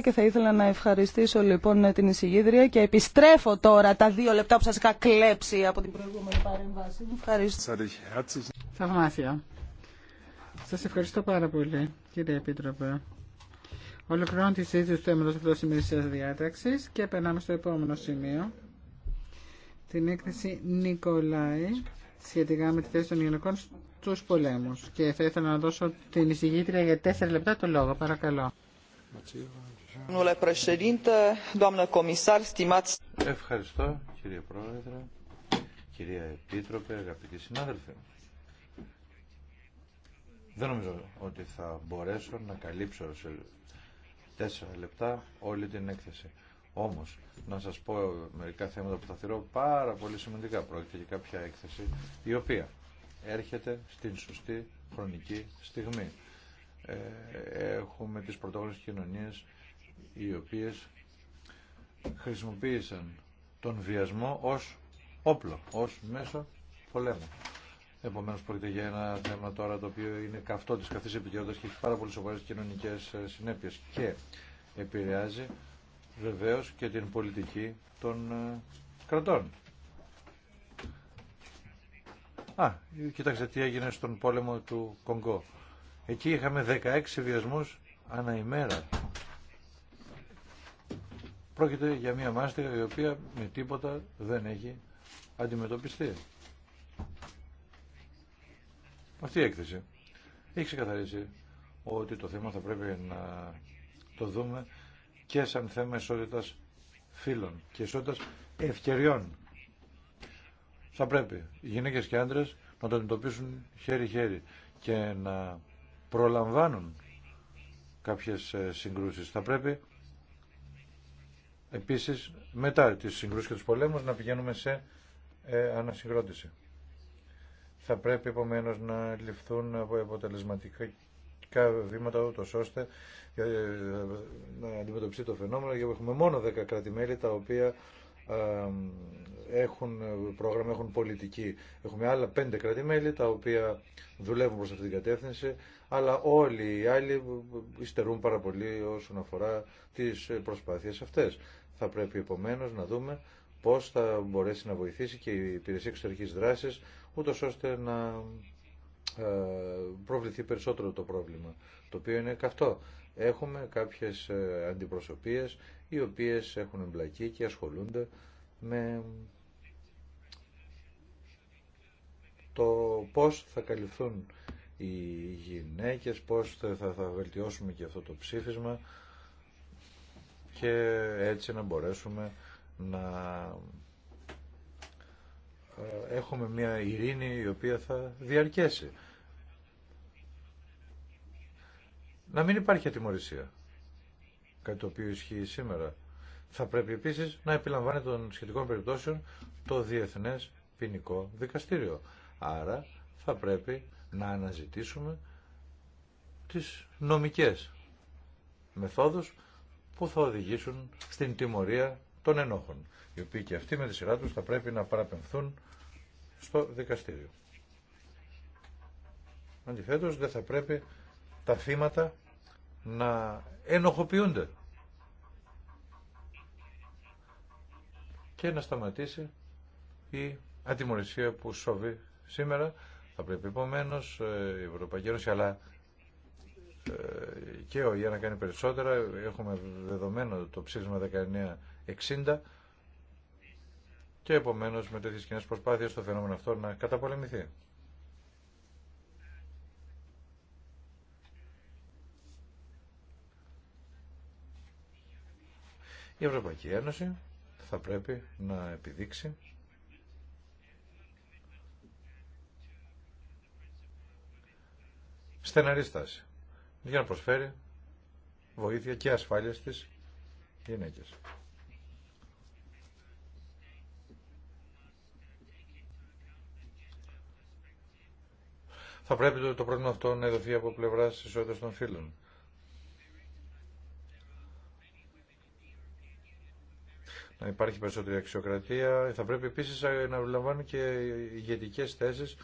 και θα ήθελα να ευχαριστήσω λοιπόν την εισηγήτρια και επιστρέφω τώρα τα δύο λεπτά που σας είχα κλέψει από την προηγούμενη παρέμβαση. Ευχαριστώ. Θαυμάσια. Σας ευχαριστώ πάρα πολύ κύριε Επίτροπε. Ολοκληρώνω τη συζήτηση του θέματος αυτός της διάταξης και περνάμε στο επόμενο σημείο. Την έκθεση Νικολάη σχετικά με τη θέση των γυναικών στου πολέμου. Και θα ήθελα να δώσω την εισηγήτρια για τέσσερα λεπτά το λόγο. Παρακαλώ. Ευχαριστώ κύριε Πρόεδρε, κυρία Επίτροπε, αγαπητοί συνάδελφοι. Δεν νομίζω ότι θα μπορέσω να καλύψω σε τέσσερα λεπτά όλη την έκθεση. Όμως, να σας πω μερικά θέματα που θα θεωρώ πάρα πολύ σημαντικά. Πρόκειται για κάποια έκθεση η οποία έρχεται στην σωστή χρονική στιγμή. Ε, έχουμε τις πρωτόγονες κοινωνίες οι οποίες χρησιμοποίησαν τον βιασμό ως όπλο, ως μέσο πολέμου. Επομένως πρόκειται για ένα θέμα τώρα το οποίο είναι καυτό τη καθής επικαιρότητας και έχει πάρα πολύ σοβαρές κοινωνικές ε, συνέπειες και επηρεάζει βεβαίως και την πολιτική των ε, κρατών. Α, κοιτάξτε τι έγινε στον πόλεμο του Κονγκό. Εκεί είχαμε 16 βιασμούς ανά ημέρα. Πρόκειται για μια μάστιγα η οποία με τίποτα δεν έχει αντιμετωπιστεί. Αυτή η έκθεση έχει ξεκαθαρίσει ότι το θέμα θα πρέπει να το δούμε και σαν θέμα ισότητας φίλων και ισότητας ευκαιριών. Θα πρέπει οι γυναίκες και άντρες να το αντιμετωπίσουν χέρι-χέρι και να προλαμβάνουν κάποιες ε, συγκρούσεις. Θα πρέπει επίσης μετά τις συγκρούσεις και τους πολέμου να πηγαίνουμε σε ε, ανασυγκρότηση. Θα πρέπει επομένως να ληφθούν αποτελεσματικά βήματα ούτως ώστε ε, να αντιμετωπιστεί το φαινόμενο γιατί έχουμε μόνο 10 κρατη τα οποία έχουν πρόγραμμα, έχουν πολιτική. Έχουμε άλλα πέντε κρατημέλη τα οποία δουλεύουν προς αυτή την κατεύθυνση, αλλά όλοι οι άλλοι υστερούν πάρα πολύ όσον αφορά τις προσπάθειες αυτές. Θα πρέπει επομένω να δούμε πώς θα μπορέσει να βοηθήσει και η υπηρεσία εξωτερική δράση, ούτω ώστε να ε, προβληθεί περισσότερο το πρόβλημα, το οποίο είναι καυτό. Έχουμε κάποιες ε, αντιπροσωπείες οι οποίες έχουν εμπλακεί και ασχολούνται με το πώς θα καλυφθούν οι γυναίκες, πώς θα, θα βελτιώσουμε και αυτό το ψήφισμα, και έτσι να μπορέσουμε να ε, έχουμε μια ειρήνη η οποία θα διαρκέσει. Να μην υπάρχει ατιμωρησία. κάτι το οποίο ισχύει σήμερα. Θα πρέπει επίσης να επιλαμβάνει των σχετικών περιπτώσεων το Διεθνές Ποινικό Δικαστήριο. Άρα θα πρέπει να αναζητήσουμε τις νομικές μεθόδους που θα οδηγήσουν στην τιμωρία των ενόχων, οι οποίοι και αυτοί με τη σειρά τους θα πρέπει να παραπεμφθούν στο δικαστήριο. Αντιθέτως δεν θα πρέπει τα θύματα να ενοχοποιούνται και να σταματήσει η ατιμορρησία που σοβεί σήμερα. Θα πρέπει επομένω ε, η Ευρωπαϊκή Ένωση αλλά ε, και ο ΙΑ να κάνει περισσότερα. Έχουμε δεδομένο το ψήφισμα 1960 και επομένως με τέτοιες κοινές προσπάθειες το φαινόμενο αυτό να καταπολεμηθεί. Η Ευρωπαϊκή Ένωση θα πρέπει να επιδείξει στεναρή στάση για να προσφέρει βοήθεια και ασφάλεια στις γυναίκες. Θα πρέπει το, πρόβλημα αυτό να δοθεί από πλευρά ισότητα των φίλων. Να υπάρχει περισσότερη αξιοκρατία. Θα πρέπει επίσης να λαμβάνουν και ηγετικέ θέσεις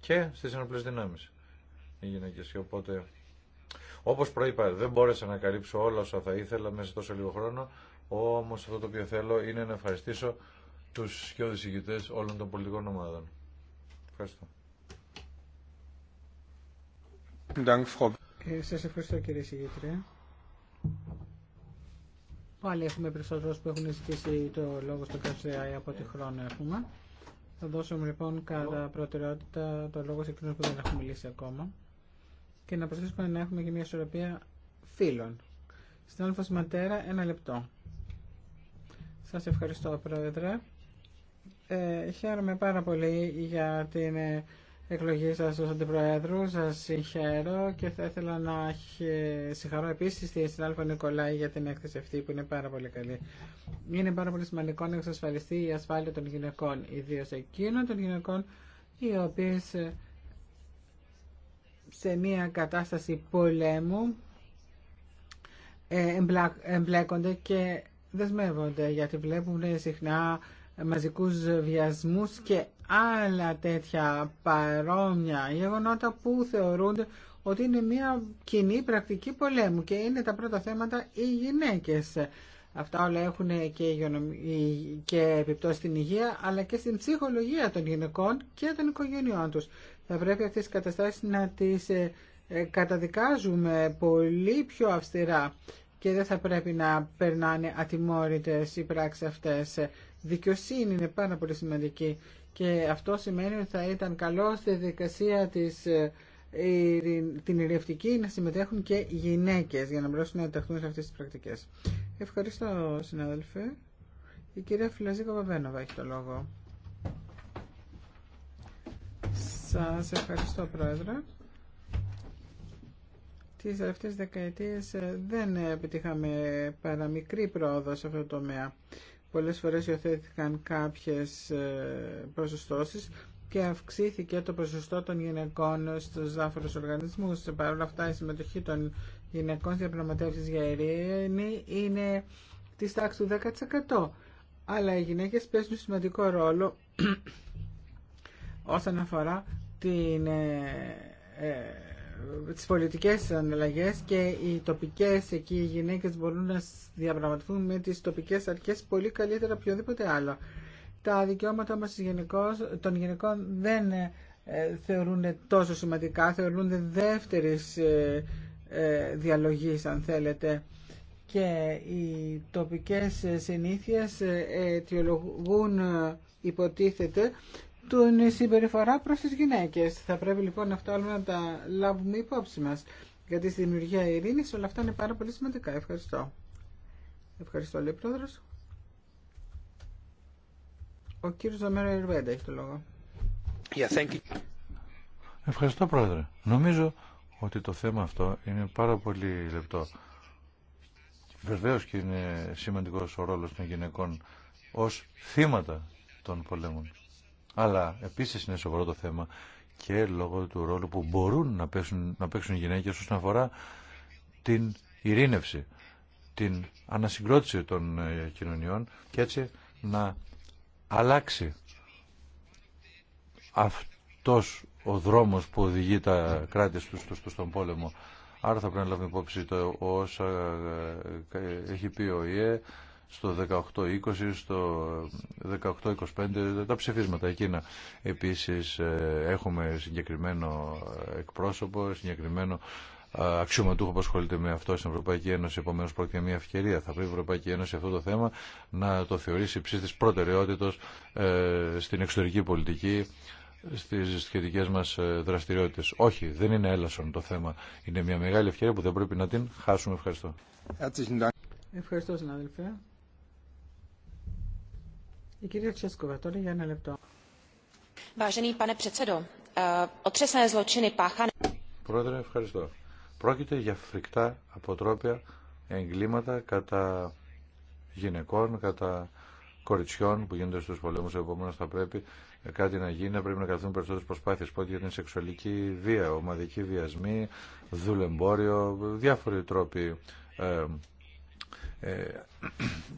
και στις ενοπλές δυνάμεις οι γυναίκες οπότε όπω προείπα δεν μπόρεσα να καλύψω όλα όσα θα ήθελα μέσα σε τόσο λίγο χρόνο Όμω αυτό το οποίο θέλω είναι να ευχαριστήσω του σκιώδει ηγητέ όλων των πολιτικών ομάδων. Ευχαριστώ. Ε, σας ευχαριστώ κύριε ηγητρία. Πάλι έχουμε περισσότερους που έχουν ζητήσει το λόγο στο ΚΑΣΕΑΙ από τη χρόνο έχουμε. Θα δώσουμε λοιπόν κατά προτεραιότητα το λόγο σε εκείνους που δεν έχουν μιλήσει ακόμα και να προσθέσουμε να έχουμε και μια ισορροπία φίλων. Στην Α Ματέρα, ένα λεπτό. Σας ευχαριστώ, Πρόεδρε. Ε, χαίρομαι πάρα πολύ για την ε, εκλογή σας ως Αντιπροέδρου. Σας συγχαίρω και θα ήθελα να συγχαρώ επίσης τη Α Νικολάη για την έκθεση αυτή που είναι πάρα πολύ καλή. Είναι πάρα πολύ σημαντικό να εξασφαλιστεί η ασφάλεια των γυναικών, ιδίως εκείνων των γυναικών οι οποίες ε, σε μια κατάσταση πολέμου ε, εμπλέκονται και δεσμεύονται γιατί βλέπουν ε, συχνά μαζικούς βιασμούς και άλλα τέτοια παρόμοια γεγονότα που θεωρούνται ότι είναι μια κοινή πρακτική πολέμου και είναι τα πρώτα θέματα οι γυναίκες Αυτά όλα έχουν και, και επιπτώσει στην υγεία, αλλά και στην ψυχολογία των γυναικών και των οικογένειών τους. Θα πρέπει αυτές τις καταστάσεις να τις ε, ε, καταδικάζουμε πολύ πιο αυστηρά και δεν θα πρέπει να περνάνε ατιμόρυτες οι πράξεις αυτές. Δικαιοσύνη είναι πάρα πολύ σημαντική και αυτό σημαίνει ότι θα ήταν καλό στη δικασία της ε, την ηρευτική να συμμετέχουν και γυναίκες για να μπορέσουν να ενταχθούν σε αυτές τις πρακτικές. Ευχαριστώ, συνάδελφε. Η κυρία Φιλαζίκα Βαβένοβα έχει το λόγο. Σας ευχαριστώ, Πρόεδρε. Τις τελευταίες δεκαετίες ε, δεν επιτύχαμε παρά μικρή πρόοδο σε αυτό το τομέα. Πολλές φορές υιοθέθηκαν κάποιες ε, ποσοστώσεις και αυξήθηκε το ποσοστό των γυναικών στους διάφορους οργανισμούς. Παρ' όλα αυτά η συμμετοχή των γυναικών διαπραγματεύσει για ειρήνη είναι τη τάξη του 10%. Αλλά οι γυναίκε παίζουν σημαντικό ρόλο όσον αφορά την, ε, ε, τις πολιτικές αναλλαγές και οι τοπικές εκεί οι γυναίκες μπορούν να διαπραγματευτούν με τις τοπικές αρχές πολύ καλύτερα από οποιοδήποτε άλλο. Τα δικαιώματα μας των γυναικών δεν ε, θεωρούν τόσο σημαντικά, θεωρούν δεύτερης ε, διαλογής αν θέλετε και οι τοπικές συνήθειες ε, αιτιολογούν ε, υποτίθεται την συμπεριφορά προς τις γυναίκες. Θα πρέπει λοιπόν αυτό όλο να τα λάβουμε υπόψη μας. Γιατί στη δημιουργία ειρήνης όλα αυτά είναι πάρα πολύ σημαντικά. Ευχαριστώ. Ευχαριστώ λέει πρόεδρος. Ο κύριος Ζωμέρο Ερβέντα έχει το λόγο. Yeah, thank you. Ευχαριστώ πρόεδρε. Νομίζω ότι το θέμα αυτό είναι πάρα πολύ λεπτό. Βεβαίως και είναι σημαντικός ο ρόλος των γυναικών ως θύματα των πολέμων. Αλλά επίσης είναι σοβαρό το θέμα και λόγω του ρόλου που μπορούν να, πέσουν, να παίξουν οι γυναίκες όσον αφορά την ειρήνευση, την ανασυγκρότηση των ε, κοινωνιών και έτσι να αλλάξει αυτός ο δρόμος που οδηγεί τα κράτη στους, στον πόλεμο. Άρα θα πρέπει να λάβουμε υπόψη το όσα ε, έχει πει ο ΙΕ στο 18-20, στο 18-25, τα ψηφίσματα εκείνα. Επίσης ε, έχουμε συγκεκριμένο εκπρόσωπο, συγκεκριμένο ε, αξιωματούχο που ασχολείται με αυτό στην Ευρωπαϊκή Ένωση. Επομένω, πρόκειται μια ευκαιρία. Θα πρέπει η Ευρωπαϊκή Ένωση αυτό το θέμα να το θεωρήσει ψήφι προτεραιότητα στην εξωτερική πολιτική στις σχετικές μας ε, δραστηριότητες. Όχι, δεν είναι έλασον το θέμα. Είναι μια μεγάλη ευκαιρία που δεν πρέπει να την χάσουμε. Ευχαριστώ. Ευχαριστώ, συνάδελφε. Η κυρία Τσέσκοβα, τώρα για ένα λεπτό. Ε, Πρόεδρε, ευχαριστώ. Πρόκειται για φρικτά αποτρόπια εγκλήματα κατά γυναικών, κατά κοριτσιών που γίνονται στου πολέμου. Επομένω, θα πρέπει κάτι να γίνει, πρέπει να καθούν περισσότερε προσπάθειε. πότε για την σεξουαλική βία, ομαδική βιασμή, δουλεμπόριο, διάφοροι τρόποι ε, ε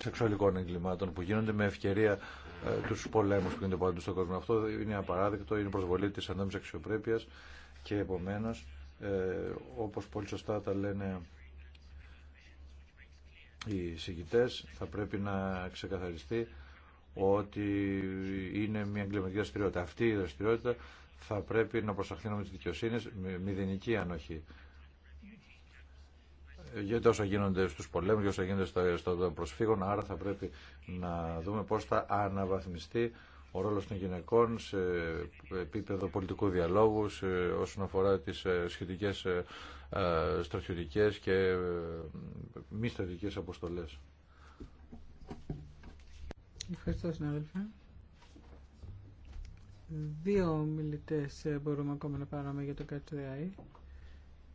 σεξουαλικών εγκλημάτων που γίνονται με ευκαιρία ε, του πολέμου που γίνονται πάντω στον κόσμο. Αυτό είναι απαράδεκτο, είναι προσβολή τη ανώμη αξιοπρέπεια και επομένω, ε, όπω πολύ σωστά τα λένε οι συγκητές θα πρέπει να ξεκαθαριστεί ότι είναι μια εγκληματική δραστηριότητα. Αυτή η δραστηριότητα θα πρέπει να προσαχθεί με τις δικαιοσύνες με μηδενική ανοχή. Γιατί όσα γίνονται στους πολέμους, για όσα γίνονται στα προσφύγων, άρα θα πρέπει να δούμε πώς θα αναβαθμιστεί ο ρόλος των γυναικών σε επίπεδο πολιτικού διαλόγου, σε, όσον αφορά τις ε, σχετικές ε, ε, στρατιωτικές και μη στρατιωτικές αποστολές. Ευχαριστώ, συνάδελφε. Δύο μιλητές μπορούμε ακόμα να πάρουμε για το ΚΑΤΔΙ.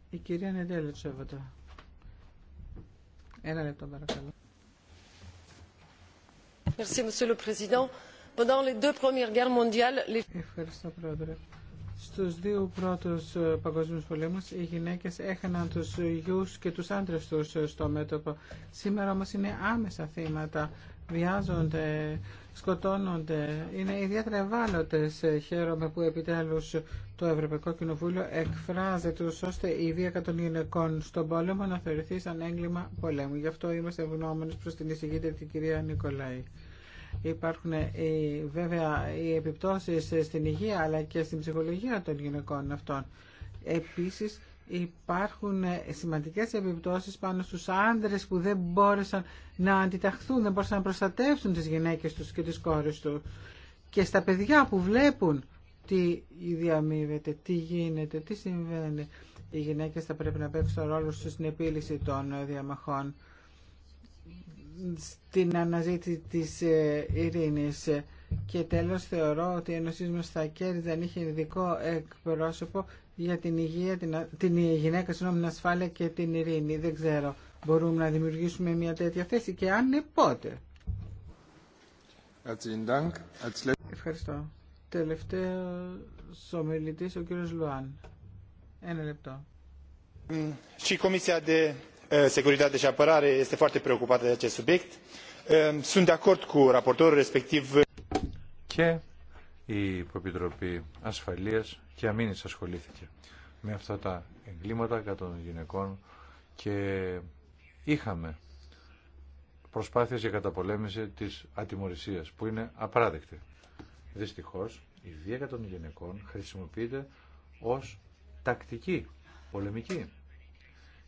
Η κυρία Νεντέλη Τσέβατα. Ένα λεπτό παρακαλώ. Merci, Monsieur le Pendant les deux premières guerres mondiales, les... Ευχαριστώ, Στους δύο πρώτους ε, παγκόσμιους πολέμους οι γυναίκες έχαναν τους γιους και τους άντρες τους ε, στο μέτωπο. Σήμερα όμως είναι άμεσα θύματα. Βιάζονται, σκοτώνονται, είναι ιδιαίτερα ευάλωτες. Ε, χαίρομαι που επιτέλους το Ευρωπαϊκό Κοινοβούλιο εκφράζεται ώστε η βία κατά των γυναικών στον πόλεμο να θεωρηθεί σαν έγκλημα πολέμου. Γι' αυτό είμαστε ευγνώμονες προς την εισηγήτρια την κυρία Νικολάη. Υπάρχουν ε, βέβαια οι επιπτώσεις στην υγεία αλλά και στην ψυχολογία των γυναικών αυτών. Επίσης υπάρχουν ε, σημαντικές επιπτώσεις πάνω στους άντρες που δεν μπόρεσαν να αντιταχθούν, δεν μπόρεσαν να προστατεύσουν τις γυναίκες τους και τις κόρες τους. Και στα παιδιά που βλέπουν τι διαμείβεται, τι γίνεται, τι συμβαίνει. Οι γυναίκες θα πρέπει να παίξουν ρόλο στην επίλυση των ε, διαμαχών στην αναζήτηση της ε, ειρήνης. Και τέλος θεωρώ ότι η Ένωσή μας στα κέρδη δεν είχε ειδικό εκπρόσωπο για την, υγεία, την, την γυναίκα, συγγνώμη, την ασφάλεια και την ειρήνη. Δεν ξέρω. Μπορούμε να δημιουργήσουμε μια τέτοια θέση και αν είναι, πότε. Ευχαριστώ. Τελευταίο ομιλητή, ο κύριος Λουάν. Ένα λεπτό. Και η Υποπιτροπή Ασφαλείας και Αμήνης ασχολήθηκε με αυτά τα εγκλήματα κατά των γυναικών και είχαμε προσπάθειες για καταπολέμηση της ατιμορρησίας που είναι απαράδεκτη. Δυστυχώς η βία των γυναικών χρησιμοποιείται ως τακτική, πολεμική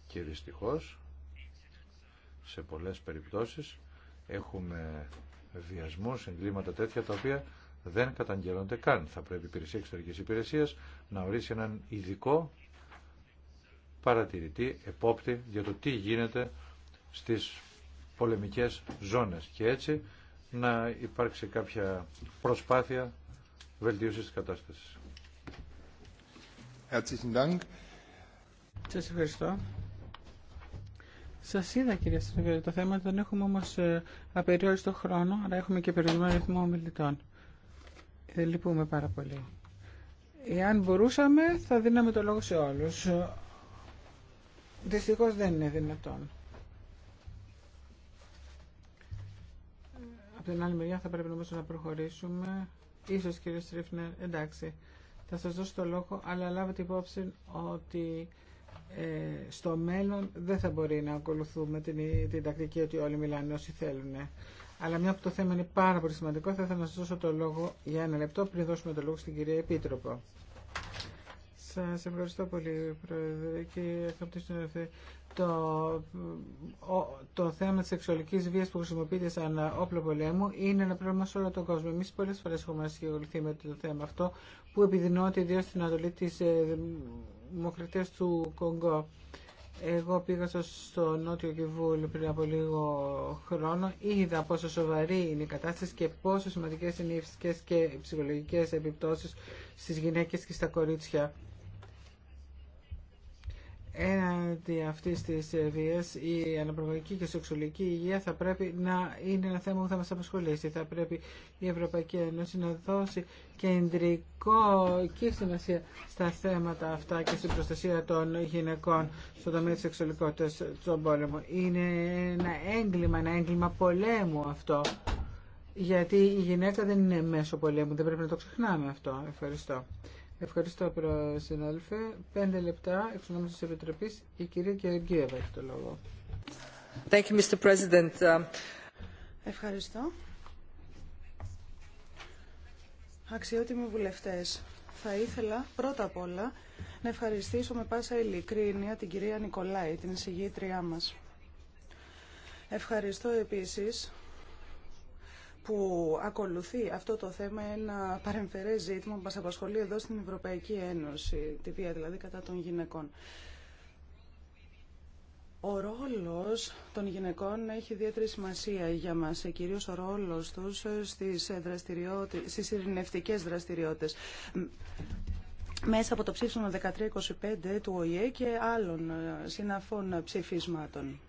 και δυστυχώς σε πολλές περιπτώσεις έχουμε βιασμούς, εγκλήματα τέτοια τα οποία δεν καταγγελώνται καν. Θα πρέπει η υπηρεσία εξωτερικής υπηρεσίας να ορίσει έναν ειδικό παρατηρητή, επόπτη για το τι γίνεται στις πολεμικές ζώνες και έτσι να υπάρξει κάποια προσπάθεια βελτίωσης της κατάστασης. Σας ευχαριστώ. Σας είδα κυρία Συνεβέρη το θέμα, δεν έχουμε όμως ε, απεριόριστο χρόνο, αλλά έχουμε και περιορισμένο αριθμό ομιλητών. Δεν λυπούμε πάρα πολύ. Εάν μπορούσαμε θα δίναμε το λόγο σε όλους. Δυστυχώ δεν είναι δυνατόν. Από την άλλη μεριά θα πρέπει όμως να προχωρήσουμε. Ίσως κύριε Στρίφνερ, εντάξει, θα σας δώσω το λόγο, αλλά λάβετε υπόψη ότι ε, στο μέλλον δεν θα μπορεί να ακολουθούμε την, την τακτική ότι όλοι μιλάνε όσοι θέλουν. Αλλά μια που το θέμα είναι πάρα πολύ σημαντικό, θα ήθελα να σα δώσω το λόγο για ένα λεπτό πριν δώσουμε το λόγο στην κυρία Επίτροπο. Σα ευχαριστώ πολύ, Πρόεδρε, και θα Το, το θέμα τη σεξουαλική βία που χρησιμοποιείται σαν όπλο πολέμου είναι ένα πρόβλημα σε όλο τον κόσμο. Εμεί πολλέ φορέ έχουμε ασχοληθεί με το θέμα αυτό που επιδεινώνεται ιδίω στην Ανατολή τη ε, δημοκρατίας του Κονγκό. Εγώ πήγα στο, Νότιο Κιβούλ πριν από λίγο χρόνο. Είδα πόσο σοβαρή είναι η κατάσταση και πόσο σημαντικέ είναι οι φυσικέ και ψυχολογικέ επιπτώσει στι γυναίκε και στα κορίτσια έναντι αυτή τη βία, η αναπροβολική και η σεξουαλική υγεία θα πρέπει να είναι ένα θέμα που θα μα απασχολήσει. Θα πρέπει η Ευρωπαϊκή Ένωση να δώσει κεντρικό και σημασία στα θέματα αυτά και στην προστασία των γυναικών στον τομέα τη σεξουαλικότητα στον πόλεμο. Είναι ένα έγκλημα, ένα έγκλημα πολέμου αυτό. Γιατί η γυναίκα δεν είναι μέσω πολέμου, δεν πρέπει να το ξεχνάμε αυτό. Ευχαριστώ. Ευχαριστώ, συνάδελφε. Πέντε λεπτά εξ ονόματο τη Επιτροπή, η κυρία Γεωργίευα έχει το λόγο. Thank you, Mr. President. Ευχαριστώ. Αξιότιμοι βουλευτές, θα ήθελα πρώτα απ' όλα να ευχαριστήσω με πάσα ειλικρίνεια την κυρία Νικολάη, την συγγήτριά μας. Ευχαριστώ επίσης που ακολουθεί αυτό το θέμα ένα παρεμφερέ ζήτημα που μα απασχολεί εδώ στην Ευρωπαϊκή Ένωση, τη βία δηλαδή κατά των γυναικών. Ο ρόλος των γυναικών έχει ιδιαίτερη σημασία για μας, ε, κυρίως ο ρόλος τους ε, στις, δραστηριότητες, στις ειρηνευτικές δραστηριότητες μέσα από το ψήφισμα 1325 του ΟΗΕ και άλλων ε, συναφών ψηφίσματων.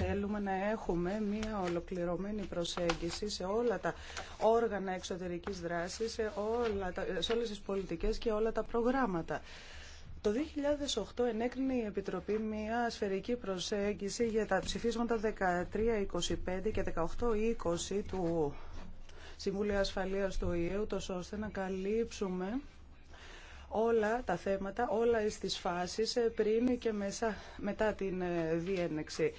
Θέλουμε να έχουμε μία ολοκληρωμένη προσέγγιση σε όλα τα όργανα εξωτερικής δράσης, σε, όλα τα, σε όλες τις πολιτικές και όλα τα προγράμματα. Το 2008 ενέκρινε η Επιτροπή μια σφαιρική προσέγγιση για τα ψηφίσματα 13-25 και 18 του Συμβουλίου Ασφαλείας του ΙΕ, ώστε να καλύψουμε όλα τα θέματα, όλα στις φάσεις ε, πριν και μέσα, μετά την ε, διένεξη.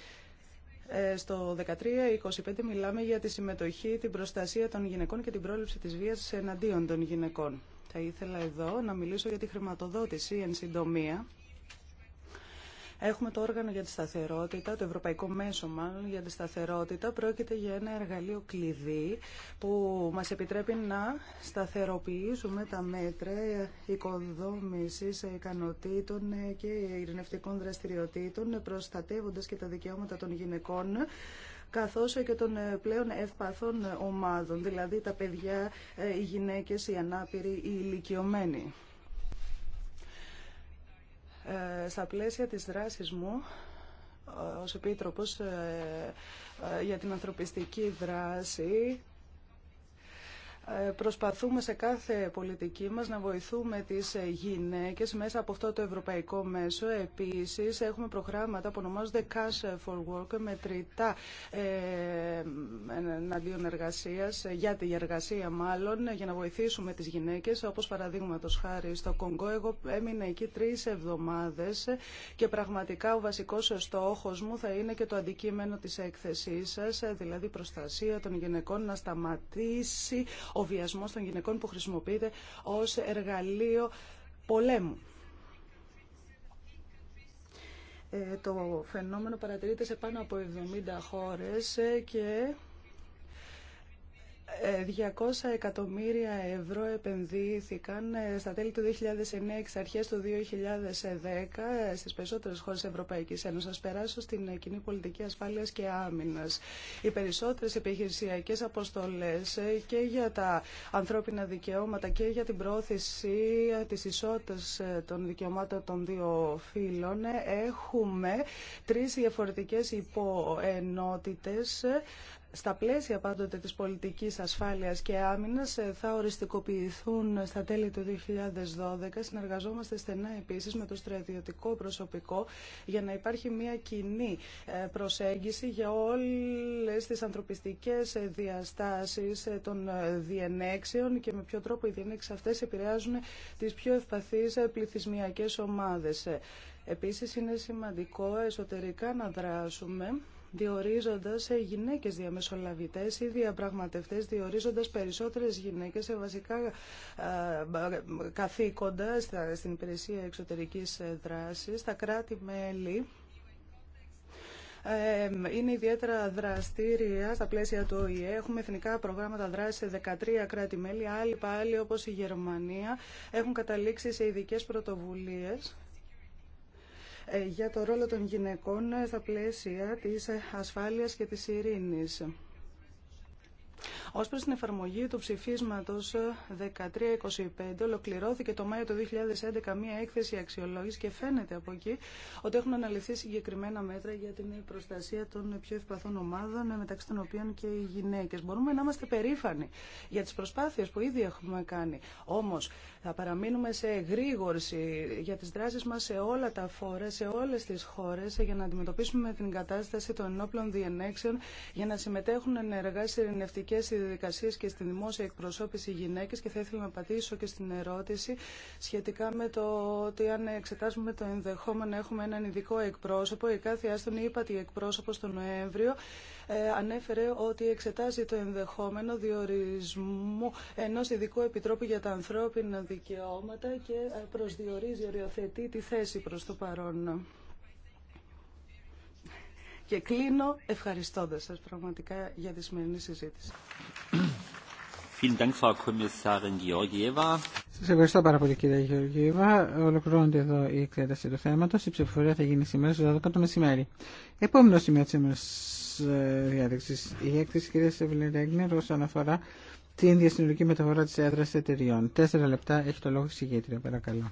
Ε, στο 13-25 μιλάμε για τη συμμετοχή, την προστασία των γυναικών και την πρόληψη της βίας εναντίον των γυναικών. Θα ήθελα εδώ να μιλήσω για τη χρηματοδότηση εν συντομία Έχουμε το όργανο για τη σταθερότητα, το Ευρωπαϊκό Μέσο μάλλον για τη σταθερότητα. Πρόκειται για ένα εργαλείο κλειδί που μας επιτρέπει να σταθεροποιήσουμε τα μέτρα οικοδόμησης ικανοτήτων και ειρηνευτικών δραστηριοτήτων, προστατεύοντας και τα δικαιώματα των γυναικών καθώς και των πλέον ευπαθών ομάδων, δηλαδή τα παιδιά, οι γυναίκες, οι ανάπηροι, οι ηλικιωμένοι στα πλαίσια της δράσης μου ε, ως Επίτροπος ε, ε, για την Ανθρωπιστική Δράση ε, προσπαθούμε σε κάθε πολιτική μας να βοηθούμε τις ε, γυναίκες μέσα από αυτό το ευρωπαϊκό μέσο. Επίσης, έχουμε προγράμματα που ονομάζονται Cash for Work με τριτά ε, εναντίον εργασίας, για τη εργασία μάλλον, για να βοηθήσουμε τις γυναίκες, όπως παραδείγματο χάρη στο Κονγκό. Εγώ έμεινα εκεί τρεις εβδομάδες και πραγματικά ο βασικός στόχος μου θα είναι και το αντικείμενο της έκθεσής σας, δηλαδή προστασία των γυναικών να σταματήσει ο βιασμός των γυναικών που χρησιμοποιείται ως εργαλείο πολέμου. Ε, το φαινόμενο παρατηρείται σε πάνω από 70 χώρες ε, και 200 εκατομμύρια ευρώ επενδύθηκαν ε, στα τέλη του 2009 εξ αρχές του 2010 στις περισσότερες χώρες Ευρωπαϊκής Ένωσης. Σας περάσω στην κοινή πολιτική ασφάλειας και άμυνας. Οι περισσότερες επιχειρησιακές αποστολές ε, και για τα ανθρώπινα δικαιώματα και για την πρόθεση ε, της ισότητας των δικαιωμάτων των δύο φύλων έχουμε τρεις διαφορετικές υποενότητες στα πλαίσια πάντοτε της πολιτικής ασφάλειας και άμυνας ε, θα οριστικοποιηθούν στα τέλη του 2012. Συνεργαζόμαστε στενά επίσης με το στρατιωτικό προσωπικό για να υπάρχει μια κοινή ε, προσέγγιση για όλες τις ανθρωπιστικές ε, διαστάσεις των διενέξεων και με ποιο τρόπο οι διενέξεις αυτές επηρεάζουν τις πιο ευπαθείς πληθυσμιακές ομάδες. Επίσης είναι σημαντικό εσωτερικά να δράσουμε διορίζοντας ε, γυναίκες διαμεσολαβητές ή διαπραγματευτές, διορίζοντας περισσότερες γυναίκες σε βασικά ε, καθήκοντα στην υπηρεσία εξωτερικής ε, δράσης, στα κράτη-μέλη είναι ιδιαίτερα δραστήρια στα πλαίσια του ΟΗΕ. Έχουμε εθνικά προγράμματα δράση σε 13 κράτη-μέλη. Άλλοι πάλι, όπως η Γερμανία, έχουν καταλήξει σε ειδικέ πρωτοβουλίες. Ε, για το ρόλο των γυναικών ε, στα πλαίσια της ε, ασφάλειας και της ειρήνης. Ως προς την εφαρμογή του ψηφίσματος 1325 ολοκληρώθηκε το Μάιο του 2011 μία έκθεση αξιολόγηση και φαίνεται από εκεί ότι έχουν αναλυθεί συγκεκριμένα μέτρα για την προστασία των πιο ευπαθών ομάδων μεταξύ των οποίων και οι γυναίκες. Μπορούμε να είμαστε περήφανοι για τις προσπάθειες που ήδη έχουμε κάνει. Όμως θα παραμείνουμε σε εγρήγορση για τις δράσεις μας σε όλα τα φόρα, σε όλες τις χώρες για να αντιμετωπίσουμε την κατάσταση των ενόπλων διενέξεων, για να συμμετέχουν ενεργά σε ειρηνευτικές και στη δημόσια εκπροσώπηση γυναίκες και θα ήθελα να πατήσω και στην ερώτηση σχετικά με το ότι αν εξετάζουμε το ενδεχόμενο έχουμε έναν ειδικό εκπρόσωπο. Η κάθε άστον είπατε εκπρόσωπο στο Νοέμβριο ε, ανέφερε ότι εξετάζει το ενδεχόμενο διορισμού ενός ειδικού επιτρόπου για τα ανθρώπινα δικαιώματα και ε, προσδιορίζει, οριοθετεί τη θέση προς το παρόν. Και κλείνω ευχαριστώντας σα πραγματικά για τη σημερινή συζήτηση. Σα ευχαριστώ πάρα πολύ κύριε Γεωργίευα. Ολοκληρώνεται εδώ η εξέταση του θέματο. Η ψηφοφορία θα γίνει σήμερα στι 12 το μεσημέρι. Επόμενο σημείο τη σήμερα διάδεξη. Η έκθεση κυρία Ευλήν Ρέγκνερ όσον αφορά την διασυνολική μεταφορά τη έδρα εταιριών. Τέσσερα λεπτά έχει το λόγο η συγκέντρια. Παρακαλώ.